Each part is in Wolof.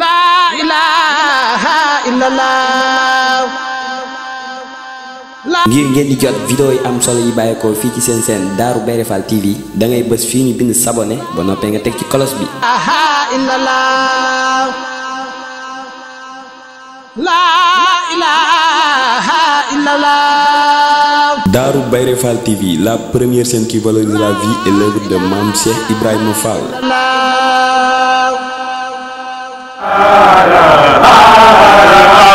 laa ilaaha ngir ngeen di jot vidéo yi am solo yi bàyyeekoo fii ci seen seen Darou Bairé Fall TV da bës fii ñu bind sabonné ba noppee nga teg ci kolos bi. Darou Bairé Fall TV la première chaîne qui valorise vie et de Mame Cheikh Ibrahima Fall. Hara Hara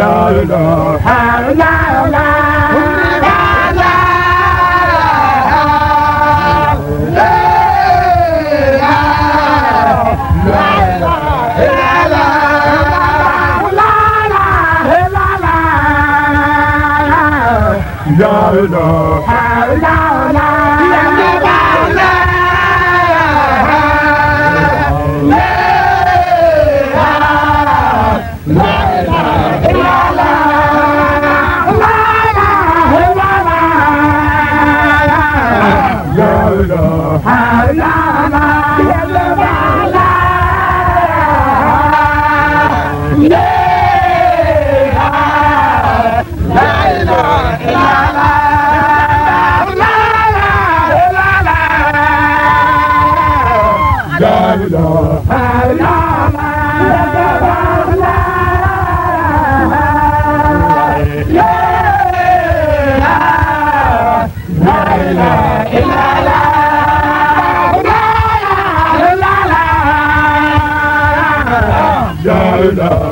Jalda love.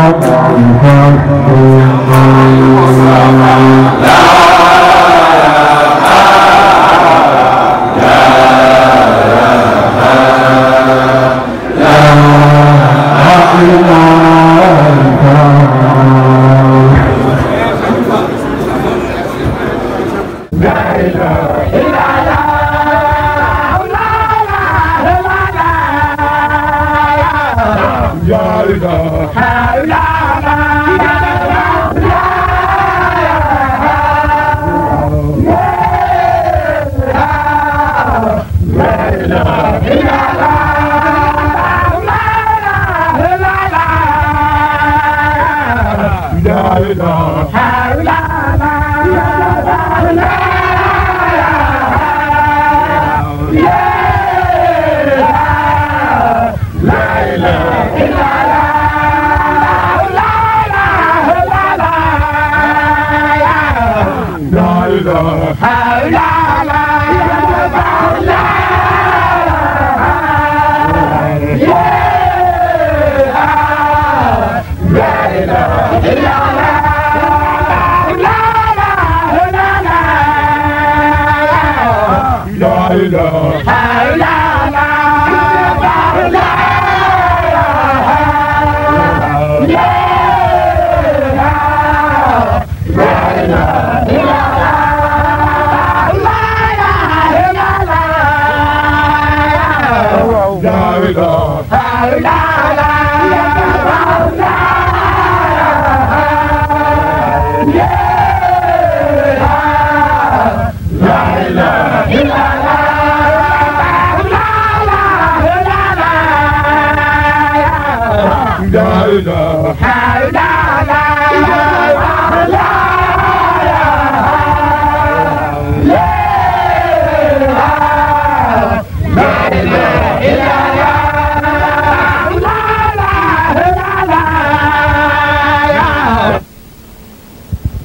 sa tạng phật Hello, la la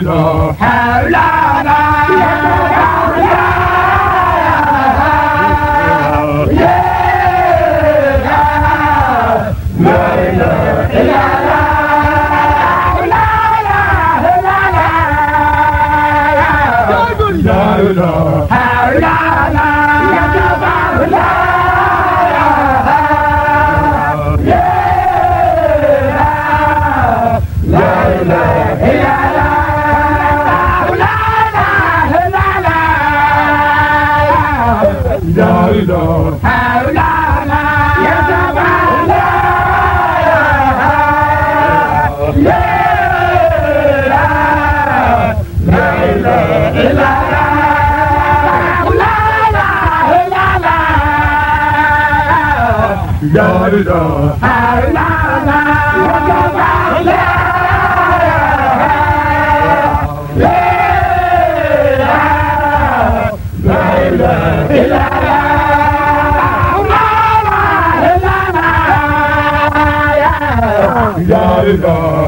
Hello, of how long. Allah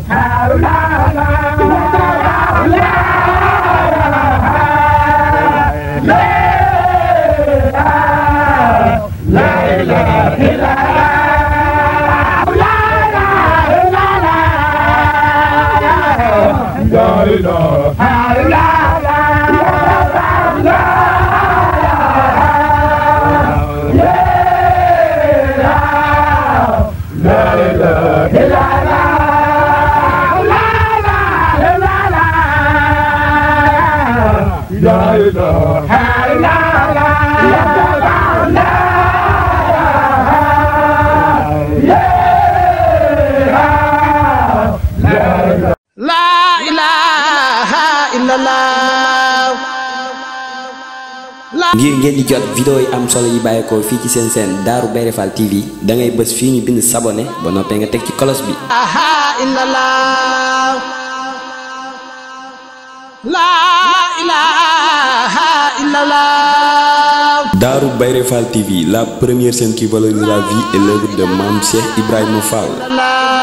ngir ngeen di jot vidéo yi am solo yi bàyyeekoo fii ci seen seen Darou Bairé Fall TV bës fii ñu bind sabonné ba noppee nga teg ci kolos bi. daaru Bayré Fall TV, la première scène qui valorise la vie et l'œuvre de Mam Cheikh Ibrahim Fall.